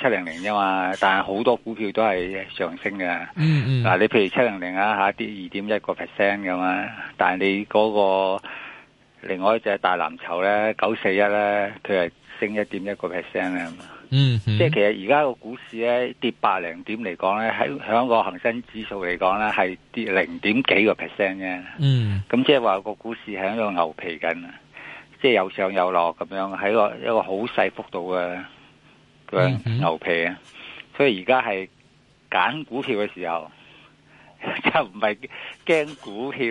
七零零啫嘛，但係好多股票都係上升嘅。嗱、嗯嗯，你譬如七零零啊，吓跌二點一個 percent 噶嘛，但係你嗰個另外一隻大藍籌咧，九四一咧，佢係升一點一個 percent 咧。嗯，即係其實而家個股市咧跌八零點嚟講咧，喺響個恆生指數嚟講咧係跌零點幾個 percent 嘅。嗯，咁即係話個股市係響個牛皮緊啊，即係有上有落咁樣，喺個一個好細幅度嘅。牛皮啊！所以而家係揀股票嘅時候，就唔係驚股票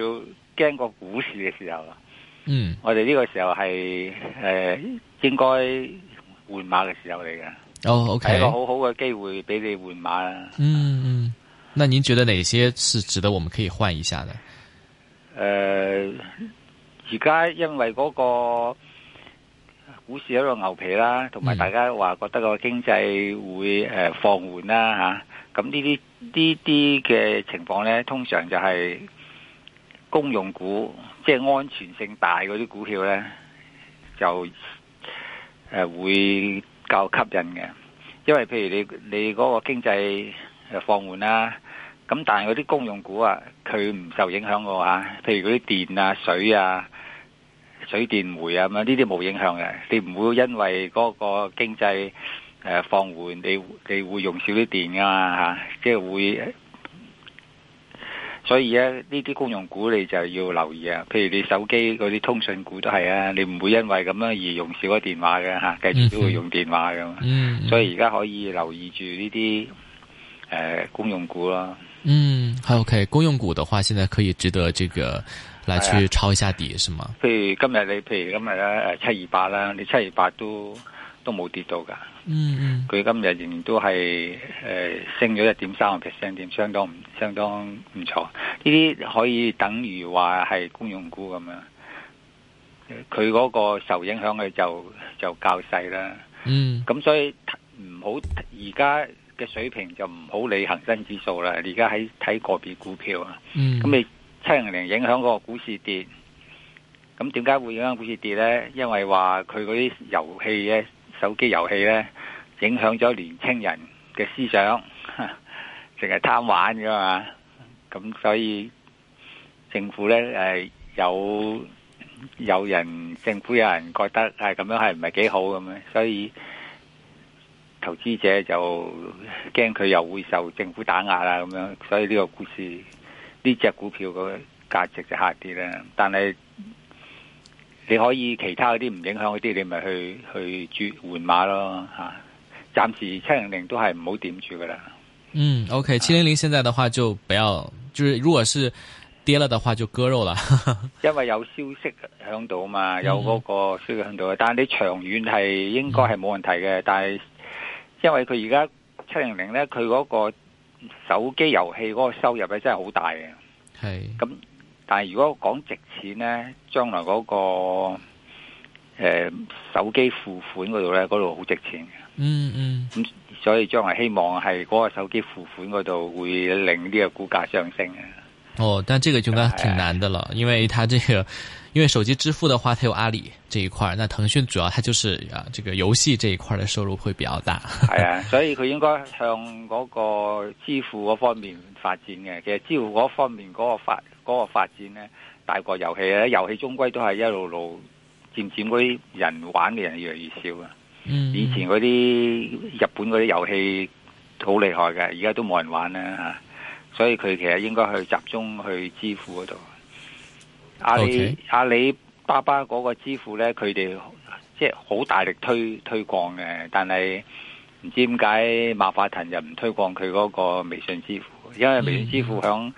驚過股市嘅時候啦。嗯，我哋呢個時候係誒應該換馬嘅時候嚟嘅。哦，OK，係一個好好嘅機會俾你換馬啊。嗯嗯，那您覺得哪些是值得我們可以換一下的？誒、呃，而家因為嗰、那個。股市喺度牛皮啦，同埋大家話覺得個經濟會誒、呃、放緩啦吓，咁呢啲呢啲嘅情況呢，通常就係公用股，即、就、係、是，安全性大嗰啲股票呢，就誒、呃、會較吸引嘅，因為譬如你你嗰個經濟放緩啦，咁、啊、但係嗰啲公用股啊，佢唔受影響嘅話，譬如嗰啲電啊、水啊。水電煤啊，咁呢啲冇影響嘅，你唔會因為嗰個經濟誒、呃、放緩，你你會用少啲電噶嘛吓、啊，即係會，所以咧呢啲公用股你就要留意啊。譬如你手機嗰啲通訊股都係啊，你唔會因為咁樣而用少咗電話嘅吓，繼續都會用電話噶嘛、嗯。所以而家可以留意住呢啲誒公用股咯。嗯，好 OK，公用股嘅話，現在可以值得這個。嚟去抄一下底是，是嗎？啊？譬如今日你，譬如今日咧，誒七二八啦，你七二八都都冇跌到㗎。嗯嗯。佢今日仍然都係誒、呃、升咗一點三個 percent 點，相當唔相當唔錯。呢啲可以等於話係公用股咁樣。佢嗰個受影響嘅就就較細啦。嗯。咁所以唔好而家嘅水平就唔好理恒生指數啦。而家喺睇個別股票啊。咁、嗯、你？七零零影響個股市跌，咁點解會影響股市跌呢？因為話佢嗰啲遊戲呢，手機遊戲呢，影響咗年青人嘅思想，淨係貪玩噶嘛，咁所以政府呢，誒有有人政府有人覺得係咁樣係唔係幾好咁樣，所以投資者就驚佢又會受政府打壓啦咁樣，所以呢個股市。呢隻股票個價值就下跌啦，但係你可以其他嗰啲唔影響嗰啲，你咪去去轉換馬咯，吓。暫時七零零都係唔好點住噶啦。嗯，OK，七零零現在嘅話就不要、啊，就是如果是跌了的話就割肉啦。 因為有消息響度嘛，有嗰個消息響度、嗯，但係你長遠係應該係冇問題嘅、嗯。但係因為佢而家七零零咧，佢嗰、那個。手機遊戲嗰個收入咧真係好大嘅，係咁。但係如果講值錢咧，將來嗰、那個誒、呃、手機付款嗰度咧，嗰度好值錢嘅。嗯嗯。咁所以將來希望係嗰個手機付款嗰度會令呢個股價上升。哦，但呢個應該挺難的了，因為它這個。因為手機支付的話，佢有阿里這一塊，那騰訊主要佢就是啊，這個遊戲這一塊的收入會比較大。係啊，所以佢應該向嗰個支付嗰方面發展嘅。其實支付嗰方面嗰個發、嗰個發展呢，大過遊戲啊，遊戲終歸都係一路路漸漸嗰啲人玩嘅人越嚟越少啊。嗯。以前嗰啲日本嗰啲遊戲好厲害嘅，而家都冇人玩啦。所以佢其實應該去集中去支付嗰度。Okay. 阿里阿里巴巴嗰個支付呢，佢哋即係好大力推推廣嘅，但係唔知點解馬化騰又唔推廣佢嗰個微信支付，因為微信支付響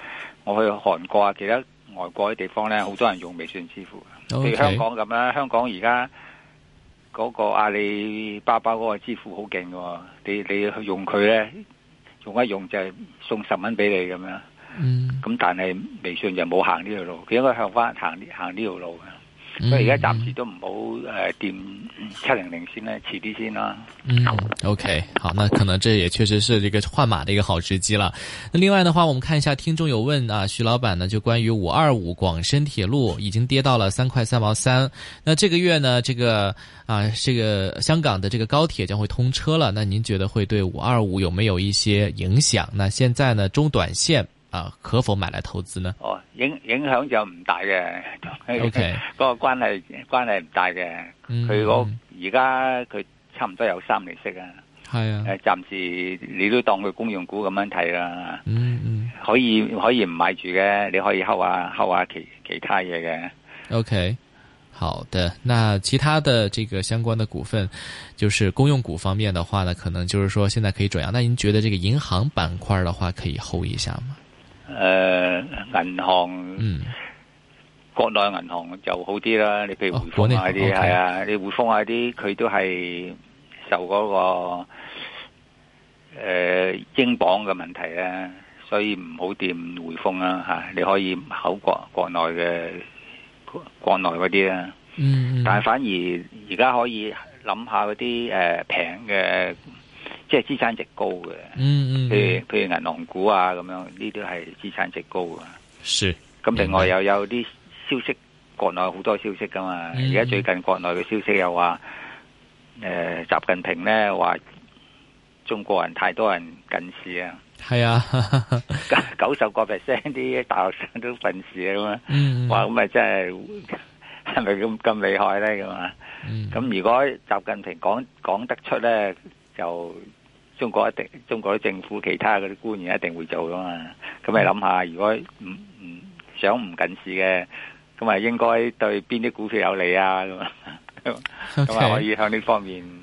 我去韓國啊，其他外國啲地方呢，好多人用微信支付。Okay. 譬如香港咁啦，香港而家嗰個阿里巴巴嗰個支付好勁嘅，你你去用佢呢，用一用就係送十蚊俾你咁樣。嗯，咁、嗯、但係微信就冇行呢條路，佢應該向翻行呢行呢條路噶、嗯，所以而家暫時都唔好誒掂七零零先咧，遲啲先啦。嗯，OK，好，那可能這也確實是一個換馬的一個好時機啦。那另外的話，我們看一下聽眾有問啊，徐老闆呢就關於五二五廣深鐵路已經跌到了三塊三毛三，那這個月呢，這個啊，這個香港的這個高鐵將會通車了，那您覺得會對五二五有沒有一些影響？那現在呢，中短線？啊，可否買來投資呢？哦，影影響就唔大嘅，OK，嗰 個關係關係唔大嘅，佢、嗯、我而家佢差唔多有三厘息啊，係、哎、啊，誒、呃，暫時你都當佢公用股咁樣睇啦，嗯嗯，可以可以唔買住嘅，你可以 hold 下 hold 下其其他嘢嘅，OK，好的。那其他的這個相關的股份，就是公用股方面的話呢，可能就是說現在可以轉陽，那您覺得這個銀行板塊的話可以 hold 一下嗎？誒、呃，銀行、嗯、國內銀行就好啲啦。你譬如匯豐嗰啲，係、哦、啊，okay、你匯豐嗰啲，佢都係受嗰、那個誒英鎊嘅問題咧、啊，所以唔好掂匯豐啦吓。你可以考國國內嘅國內嗰啲啦。但係反而而家可以諗下嗰啲誒平嘅。呃即係資產值高嘅，嗯嗯，譬如譬如銀行股啊咁樣，呢啲係資產值高嘅。是，咁另外又有啲消息，嗯、國內好多消息噶嘛。而、嗯、家最近國內嘅消息又話，誒、嗯呃、習近平咧話中國人太多人近視是啊。係啊，九十九十個 percent 啲大學生都近視啊嘛。話咁咪真係係咪咁咁厲害咧咁啊？咁、嗯、如果習近平講講得出咧，就中國一定，中國啲政府其他啲官員一定會做噶嘛。咁你諗下，如果唔唔想唔近視嘅，咁啊應該對邊啲股票有利啊？咁啊，咁、okay. 啊可以向呢方面。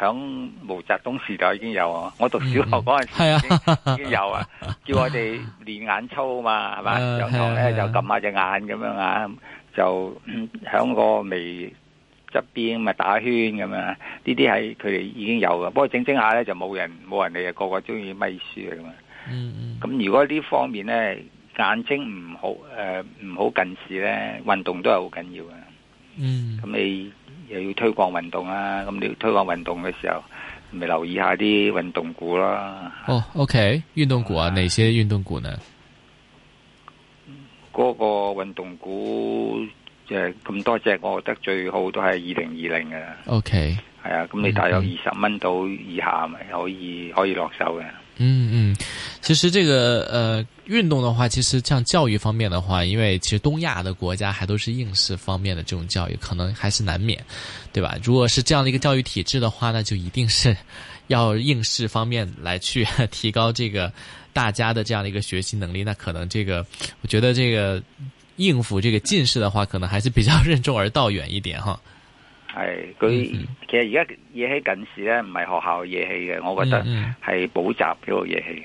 響毛澤東時代已經有啊，我讀小學嗰陣時已經、嗯、已經有啊，叫我哋練眼操嘛，係、嗯、嘛，有堂咧就撳下隻眼咁樣啊，就響個、嗯嗯嗯、眉側邊咪打圈咁樣，呢啲係佢哋已經有噶，不過整整下咧就冇人冇人哋個個中意咪書啊嘛，咁、嗯、如果呢方面咧眼睛唔好誒唔、呃、好近視咧，運動都係好緊要啊，咁、嗯、你。又要推廣運動啦、啊，咁你推廣運動嘅時候，咪留意下啲運動股啦。哦、oh，OK，運動股啊，啊哪些運動股呢？嗰、那個運動股，誒，咁多隻，我覺得最好都係二零二零嘅啦。OK，係啊，咁你大約二十蚊到以下，咪可以可以落手嘅。嗯嗯。其實這個呃運動的話，其實像教育方面的話，因為其實東亞的國家還都是應試方面的這種教育，可能還是難免，對吧？如果是這樣的一個教育體制的話，那就一定是，要應試方面來去提高這個大家的這樣的一個學習能力，那可能這個我覺得這個應付這個近視的話，可能還是比較任重而道遠一點哈。係佢、嗯、其實而家惹起近視呢，唔係學校惹起嘅，我覺得係補習嗰個惹起。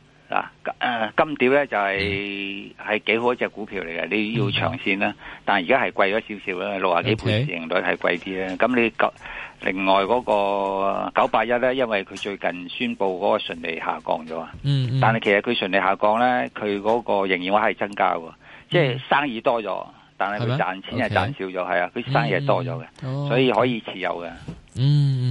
嗱、就是，誒金蝶咧就係係幾好一隻股票嚟嘅，你要長線啦。但係而家係貴咗少少啦，六啊幾倍，市盈率係貴啲啊。咁、okay. 你九另外嗰個九八一咧，因為佢最近宣布嗰個純利下降咗啊。嗯，嗯但係其實佢純利下降咧，佢嗰個營業額係增加喎，即、嗯、係、就是、生意多咗，但係佢賺錢係賺少咗，係啊，佢、okay. 生意係多咗嘅、嗯，所以可以持有嘅。嗯。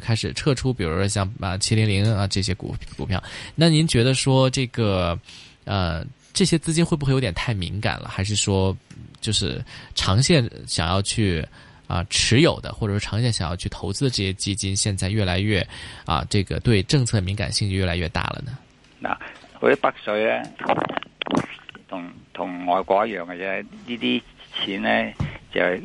開始撤出，比如說像，像啊七零零啊這些股股票，那您覺得說這個，呃，這些資金會不會有點太敏感了？還是說，就是長線想要去啊、呃、持有的，或者是長線想要去投資的這些基金，現在越來越啊、呃、這個對政策敏感性就越來越大了呢？嗱，我啲北水呢，同同外國一樣嘅啫，呢啲錢呢就係。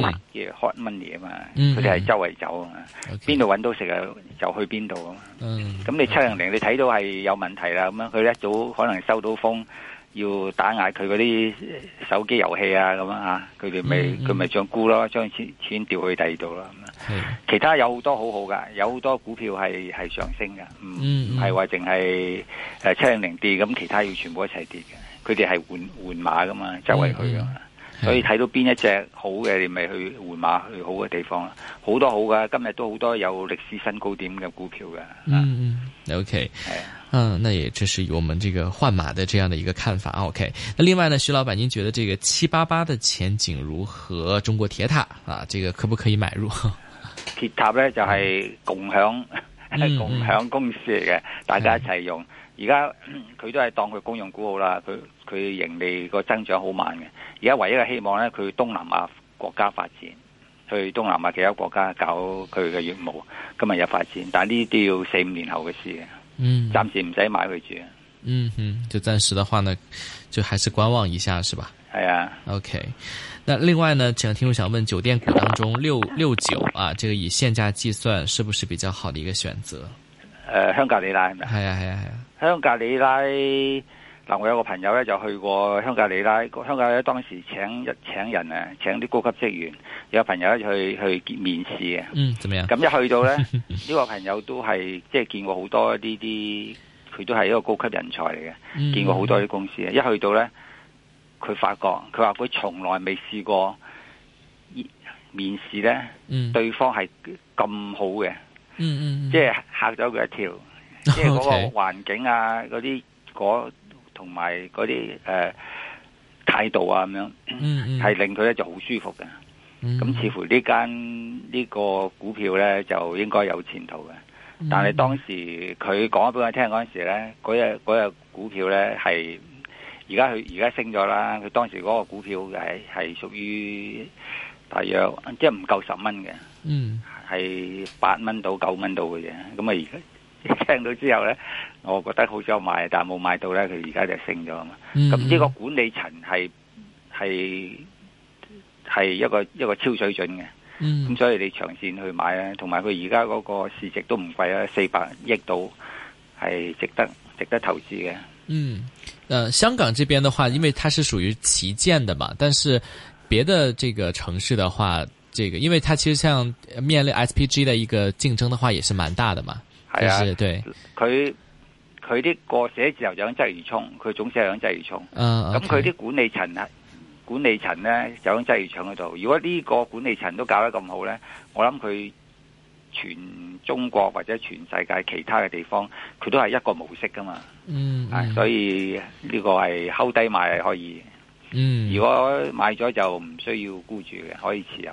熱、mm-hmm. hot money 啊、mm-hmm. 嘛，佢哋係周圍走啊嘛，邊度揾到食啊就去邊度啊嘛。咁、mm-hmm. 你七零零你睇到係有問題啦，咁樣佢一早可能收到風要打壓佢嗰啲手機遊戲啊咁啊吓，佢哋咪佢咪將沽咯，將、mm-hmm. 錢錢調去第二度啦。Mm-hmm. 其他有好多好好噶，有好多股票係係上升噶，唔係話淨係誒七零零跌，咁其他要全部一齊跌嘅。佢哋係換換馬噶嘛，周圍去噶。Mm-hmm. 所以睇到邊一隻好嘅，你咪去換馬去好嘅地方啦。好多好噶，今日都好多有歷史新高點嘅股票嘅。嗯，OK，嗯，那也這是我們這個換馬的這樣的一個看法。OK，那另外呢，徐老闆，您覺得這個七八八的前景如何？中國鐵塔啊，這個可不可以買入？鐵塔呢就係、是、共享，嗯、 共享公司嚟嘅、嗯，大家一齊用。而家佢都係當佢公用股好啦，佢佢盈利個增長好慢嘅。而家唯一嘅希望咧，佢東南亞國家發展，去東南亞其他國家搞佢嘅業務，今日有發展，但係呢啲都要四五年後嘅事嘅。嗯，暫時唔使買佢住。嗯哼，就暫時的話呢，就還是觀望一下，是吧？係啊。OK，那另外呢，請聽眾想問酒店股當中六六九啊，這個以現價計算，是不是比較好的一個選擇？誒、呃，香格里拉係咪啊？係啊係啊係啊！香格里拉嗱，我有個朋友咧就去過香格里拉。香格里拉當時請請人啊，請啲高級職員。有一個朋友去去面面試啊。咁、嗯、一去到呢，呢 個朋友都係即係見過好多啲啲，佢都係一個高級人才嚟嘅。嗯。見過好多啲公司、嗯，一去到呢，佢發覺佢話佢從來未試過面面試咧，對方係咁好嘅。嗯嗯，嗯嗯，即係嚇咗佢一跳，即係嗰個環境啊，嗰啲嗰同埋嗰啲誒態度啊咁樣，係、嗯嗯嗯、令佢咧就好舒服嘅。咁、嗯嗯、似乎呢間呢個股票咧就應該有前途嘅、嗯嗯。但係當時佢講咗俾我聽嗰陣時咧，嗰隻股票咧係而家佢而家升咗啦。佢當時嗰個股票係係屬於大約即係唔夠十蚊嘅。嗯。係八蚊到九蚊到嘅啫，咁啊而家聽到之後咧，我覺得好想買，但係冇買到咧，佢而家就升咗啊嘛。咁、嗯、呢、這個管理層係係係一個一個超水準嘅，咁、嗯、所以你長線去買咧，同埋佢而家嗰個市值都唔貴啊，四百億度係值得值得投資嘅。嗯，誒、呃，香港呢邊嘅話，因為它是屬於旗艦的嘛，但是別的這個城市的話。這個，因為它其實像面對 SPG 的一個競爭的話，也是蠻大的嘛。係啊，佢佢啲個寫字樓就喺鰂魚涌，佢總社喺鰂魚涌。嗯嗯。咁佢啲管理層啊，Okay. 管理層呢，就喺鰂魚涌嗰度。如果呢個管理層都搞得咁好呢，我諗佢全中國或者全世界其他嘅地方，佢都係一個模式噶嘛。嗯。啊，所以呢個係溝低買係可以。嗯。如果買咗就唔需要沽住嘅，可以持有。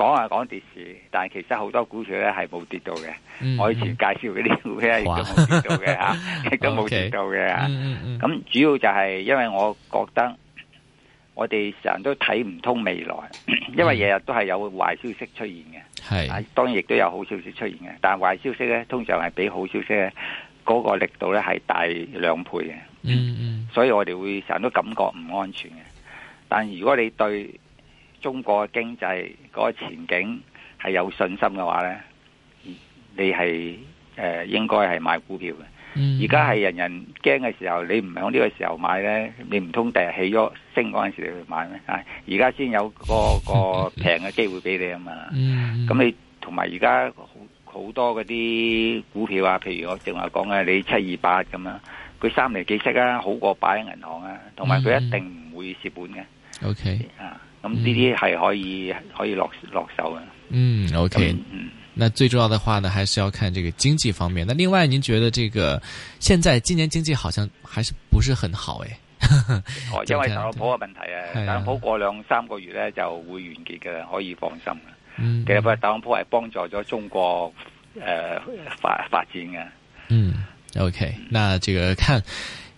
講啊講跌市，但係其實好多股票咧，係冇跌到嘅。我以前介紹嗰啲股咧亦都冇跌到嘅吓，亦都冇跌到嘅。咁主要就係因為我覺得我哋成日都睇唔通未來，因為日日都係有壞消息出現嘅。係當然亦都有好消息出現嘅，但係壞消息咧通常係比好消息咧嗰個力度咧係大兩倍嘅。嗯嗯，所以我哋會成日都感覺唔安全嘅。但係如果你對中國嘅經濟嗰、那個前景係有信心嘅話咧，你係誒、呃、應該係買股票嘅。而家係人人驚嘅時候，你唔響呢個時候買咧，你唔通第日起咗升嗰陣時你去買咩？啊，而家先有嗰個平嘅機會俾你啊嘛。咁、嗯、你同埋而家好好多嗰啲股票啊，譬如我正話講嘅，你七二八噉樣，佢三嚟幾息啊，好過擺喺銀行啊，同埋佢一定唔會蝕本嘅。嗯、o、okay. K 啊。咁呢啲係可以、嗯、可以落落手嘅。嗯，OK，嗯，那最重要嘅話呢，還是要看這個經濟方面。那另外，您覺得這個現在今年經濟好像還是不是很好，欸？誒， 因為特朗普嘅問題啊，特朗普過兩三個月呢就會完結嘅，可以放心嘅、嗯、其實，特朗普係幫助咗中國誒、呃、發發展嘅。嗯，OK，那這個看。